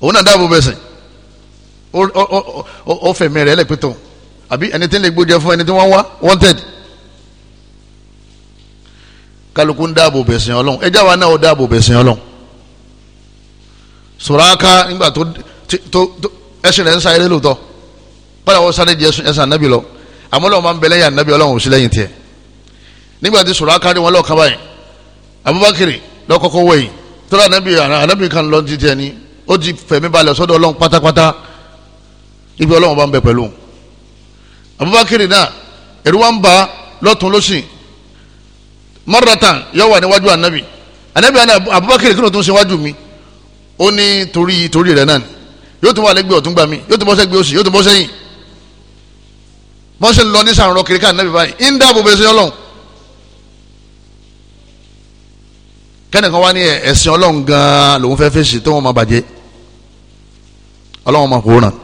Speaker 1: òun náà dáàbò bẹ̀ sìn ó fẹ̀mí rẹ̀ lẹ́pẹ̀tọ̀ àbí ẹni tí ń lè gbójẹ fún ẹni tí wọ́n wá wanted kálukú ń dáàbò bẹ̀ sìn ọlọ́run ẹjá wa náà ó dáàbò bẹ̀ sìn ọlọ́run Sùráká nígbà tó ẹsìn rẹ̀ ń sáré lóòótọ́ báyìí àwọn sáré jẹ ẹsẹ anabi lọ àmọ́ lọ́wọ́ máa ń bẹ̀lẹ́ yà anabi ọlọ́run òsì lẹ́yìn tiẹ̀ nígbà tí sọ̀rọ̀ akárí wọn lọ́ọ̀ká báyìí abubakiri lọ́kọ́kọ́ wẹ̀yìn tọ́lá anabi anabi kan lọ ti tiẹ̀ ni ó ti fẹ̀mí balẹ̀ sọ́dọ̀ ọlọ́run pátápátá ibi ọlọ́run bá ń bẹ pẹ̀lú abubakiri náà ẹ̀rú wa ń ba lọ́tún lọ́sìn maratan yóò wà níwájú anabi anabi abubakar kí ló tún ṣe wájú mi ó ní torí torí rẹ náà ni yóò tún wà lẹ́gbẹ̀ẹ́ ọ̀tún yóò tún bọ́ sẹ́gbẹ̀ẹ́ òsì yóò tún bọ́ sẹ́yìn bọ́n ṣe ń lọ ní sàrànlọ kiri ká nàbí báyìí ń dáàbò bẹ̀rẹ̀ sí ọlọ́run kẹ́nìkan wá ní ẹ̀sìn ọlọ́run gan-an lòun fẹ́ fèsì tó wọ́n máa bàjẹ́ ọlọ́run máa kóràn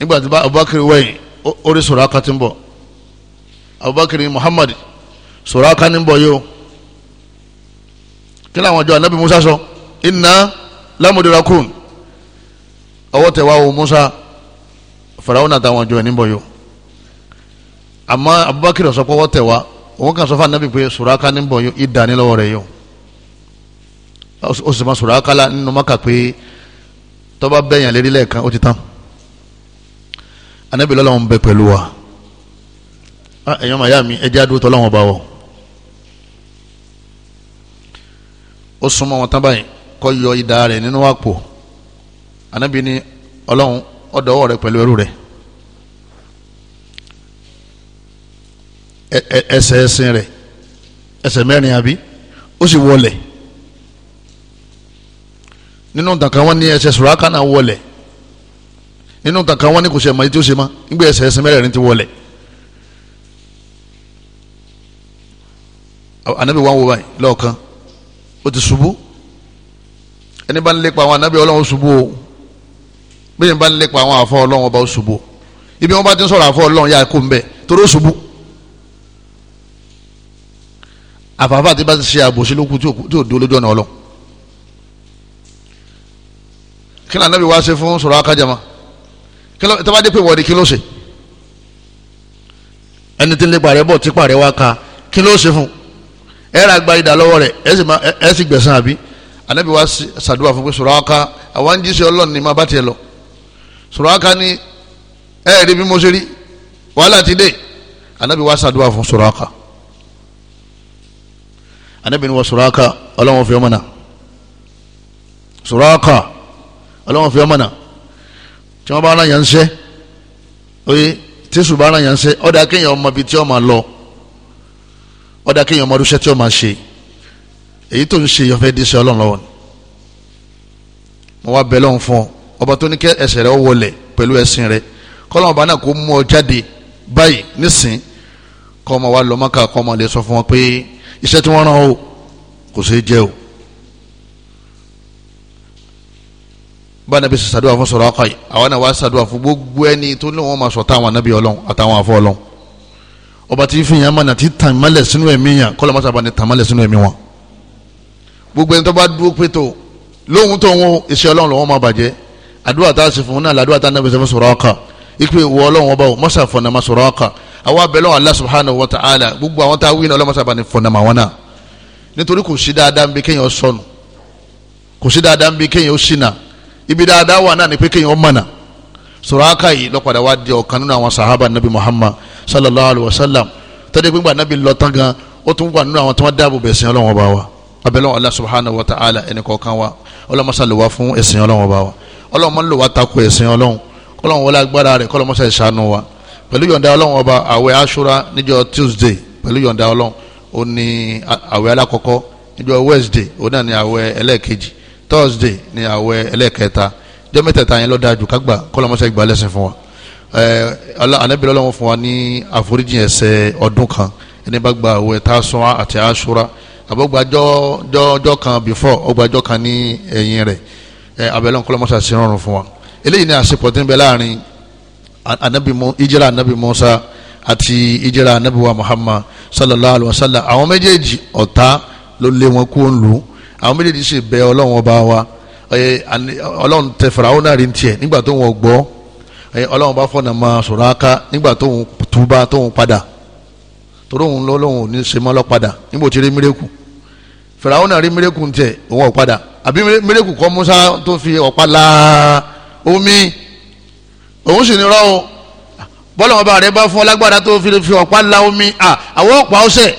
Speaker 1: nígbà tí Abubakar wẹ̀yìn orí Suraka ti ń bọ̀ Abubakar Muhammad Suraka ni ń bọ̀ yìí o kí làwọn ọjọ́ anabi Musa sọ inna lamudurakun ọwọ́ tẹ wá wo Musa Fáráò àtàwọn ọjọ́ ẹ̀ níbọ̀ yó àmọ́ Abubakar sọ pé ọwọ́ tẹ wá òun kàn sọ fún anabi pé Suraka níbọ̀ yó idà ní lọ́wọ́ rẹ̀ yó sì máa Suraka la nínú maka pé tọ́ba bẹ́yàn lérí lẹ́ẹ̀kan ó ti tán anabi lọ́la wọn bẹ pẹ̀lú wa ah, ẹ̀yọ́ màyá mi ẹjẹ́ adúró tọ́lá wọn bá wọ̀ ó súnmọ́ wọn tán kọ́ yọ idà rẹ̀ nínú àpò. anabi ni ọlọ́run ọdọ̀wọ́ rẹ pẹ̀lú ẹrú rẹ ẹsẹ̀ rẹ ẹsẹ̀ mẹrin abi ó sì wọlẹ nínú tàkà wọn ni ẹsẹ̀ sùràkà náà wọlẹ̀ nínú tàkà wọn ní kò ṣe tí ó nígbà ti wọlẹ anabi wa wo báyìí lọ́ọ̀kan ó ti ṣubú anabi ṣubú bẹ́ẹ̀ bá ń lépa àwọn àfọ ọlọ́run ọba ṣubú ibi wọn bá ti ń sọ̀rọ̀ àfọ ọlọ́run yà kó ń bẹ̀ torí ṣubú àfààfà tí bá ti ṣe àbòsí lókù tí ò dúró lójú ọ̀nà ọlọ́run kí ni ànábì wá ṣe fún sọ̀rọ̀ akájàmá tó bá dé pé wọ̀de kí ló ṣe ẹni tí ń lépa rẹ bọ̀ tí pàrẹ wá ka kí ló ṣe fún ẹ rà gba ìdá lọ́wọ́ rẹ ẹ sì gbẹ̀sán àbí ànábì wá ṣàdúrà fún pé sọ̀rọ̀ aká àwọn jíṣẹ́ ọlọ́run ni má bá tiẹ̀ lọ Suraka ni ẹ rí bí mo ṣe rí wàhálà ti dé anabi wa ṣàdúrà fún Suraka anabi ni wọ Suraka ọlọ́wọ́n fi ọmọ náà Suraka ọlọ́wọ́n fi ọmọ náà tí wọ́n bá ara yàn ṣe oye tí sùn bá ara yàn ń ṣe ọ̀dà kéèyàn ọmọ bíi tí ọmọ lọ ọ̀dà kéèyàn ọmọ ọdúnṣẹ́ tí ọmọ ṣe èyí tó ń ṣe yọ̀fẹ́ díṣẹ́ ọlọ́run lọ́wọ́ ni mo wá bẹ lọ́hùn fún ọ ọba tó ní kẹ́ ẹsẹ̀ rẹ̀ wọlẹ̀ pẹ̀lú ẹ̀sìn rẹ̀ kọ́lọ́mù ọba náà kó mú ọ jáde báyìí nísìn kọ́ ọmọ wa lọ mọ́kà kọ́ ọmọ lè sọ fún wọn pé iṣẹ́ tí wọ́n rán o kò ṣeé jẹ́ o. báyìí nàbí sàdúrà fún sọ̀rọ̀ ọkọ̀ yìí àwọn náà wá sàdúrà fún gbogbo ẹni tó ní wọn máa sọ táwọn anábì ọlọ́run àtàwọn àfọ ọlọ́run ọba tí fi yàn mọ̀nà tí tàn mọ́lẹ̀ sínú ẹ̀mí yàn kọ́lọ́ mọ́sá bá ní tàn mọ́lẹ̀ sínú ẹ̀mí wọn. gbogbo ẹni tó bá dúró pé tó lóhun tó ń wo iṣẹ́ ọlọ́run lọ́wọ́ máa bàjẹ́ àdúrà tá a sì fún un náà làdúrà tá a nàbẹ̀sẹ̀ fún Suraqa ipe wọ o mọ́sà fọ̀nàmà Suraqa àwa abẹ́ lọ́wọ́ Allah subhanahu wa ta'ala gbogbo àwọn tá a wí náà ọlọ́mọsà bá ní fọ̀nàmà wọn náà nítorí kò sí dáadáa ń bí kéèyàn sọnù kò sí dáadáa ń bí ibi dáadáa wà náà ni pé kéèyàn mọ̀nà Suraqa yìí lọ́padà wá di ọ̀kan nínú àwọn sàhábà nàbì Muhammad sallallahu alaihi wa sallam tọ́jú pé gbà nàbì lọ tán gan ó tún wà nínú àwọn tí wọ́n dáàbò bẹ̀ sìn ọlọ́run ọba wa abẹ́lẹ́ Allah subhanahu wa ta'ala ẹnì kọ̀ọ̀kan wa ọlọ́mọsà lè wá fún ẹ̀sìn ọlọ́run ọba wa ọlọ́run máa ń lò wá takò ẹ̀sìn ọlọ́run kọ́lọ́run wọlé agbára rẹ̀ kọ́lọ́run mọ́ṣẹ́ ìṣàánú wa pẹ̀lú yọ̀ǹda ọlọ́run ọba àwẹ̀ aṣúra níjọ́ tuesday pẹ̀lú yọ̀ǹda ọlọ́run ó ní àwẹ̀ alákọ̀ọ́kọ́ níjọ́ wednesday ó náà ní àwẹ̀ ẹlẹ́ẹ̀kejì thursday ní àwẹ̀ ẹlẹ́ẹ̀kẹta jẹ́ mẹ́tẹ̀ẹ̀ta yẹn ló dáa jù kágbà kọ́lọ́mọṣẹ́ ìgbà lẹ́sìn fún wa anabi ọlọ́run fún wa ní àforíjì ẹ̀ṣẹ̀ ọdún kan ẹni bá gba before ọgbàjọ́ kan ní ẹ̀yìn abẹ́lẹ́ nkọ́lọ́mọ́sá sí rọrùn fún wa eléyìí ni àṣepọ̀ tí ń bẹ láàrin anabi mu ijira anabi musa àti ijira anabi wa muhammad sallallahu alaihi wa sallam àwọn méjèèjì ọ̀tá ló lé wọn kó ń lù àwọn méjèèjì sì bẹ ọlọ́run ọba wa ọlọ́run tẹ faraó náà rí tiẹ̀ nígbà tó wọn gbọ́ ọlọ́run bá fọ̀nà máa sọ̀rọ̀ aká nígbà tó wọn túbà tó wọn padà torí òun lọ́lọ́run ò ní ṣe mọ́ lọ́padà níbo ti rí mírèkù faraó náà rí mírèkù tiẹ̀ òun ọ̀ padà àbí mẹ́rẹ́kù kọ́ Musa tó fi ọ̀pá la omi òun sì ní rọ́ o bọ́lọ̀mọ́ bá rẹ bá fún ọ tó fi fi ọ̀pá la omi à àwọn ọ̀pá ọ̀sẹ̀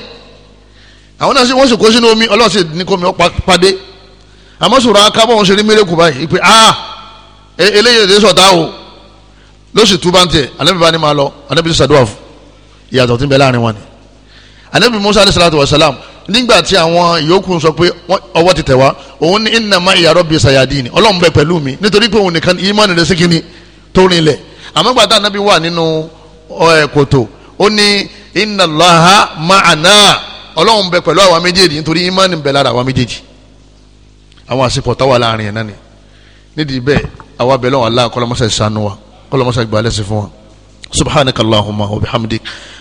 Speaker 1: àwọn náà sì wọ́n sì kó sínú omi ọlọ́sì ní kó mi ọ̀pá padé àmọ́ sọ̀rọ̀ akábọ̀ òun ṣe rí mẹ́rẹ́kù báyìí pé a e-, eléyìí èdè sọ̀tá o ló sì túbà ń tẹ̀ alẹ́ mi bá máa lọ alẹ́ mi sì ṣàdúrà fún ìyàtọ̀ tí ń bẹ láàrin wọn ni anabi musa alayhi salatu wa salam nígbà tí àwọn yòókù sọ pé ọwọ́ ti tẹ̀ wá òun ní inna ma'iya rabbi sayadini ọlọ́run bẹ pẹ̀lú mi nítorí pé òun nìkan ìmánì rẹ̀ síkìní tó rinlẹ̀ àmọ́ gbàtà anabi wà nínú kòtò ó ní inna allaha ma'ana ọlọ́run bẹ pẹ̀lú àwa méjèèjì nítorí ìmánì bẹ lára àwa méjèèjì àwọn àsìkò táwa láàrin ẹ̀ náà ni nídìí bẹ́ẹ̀ àwa bẹ̀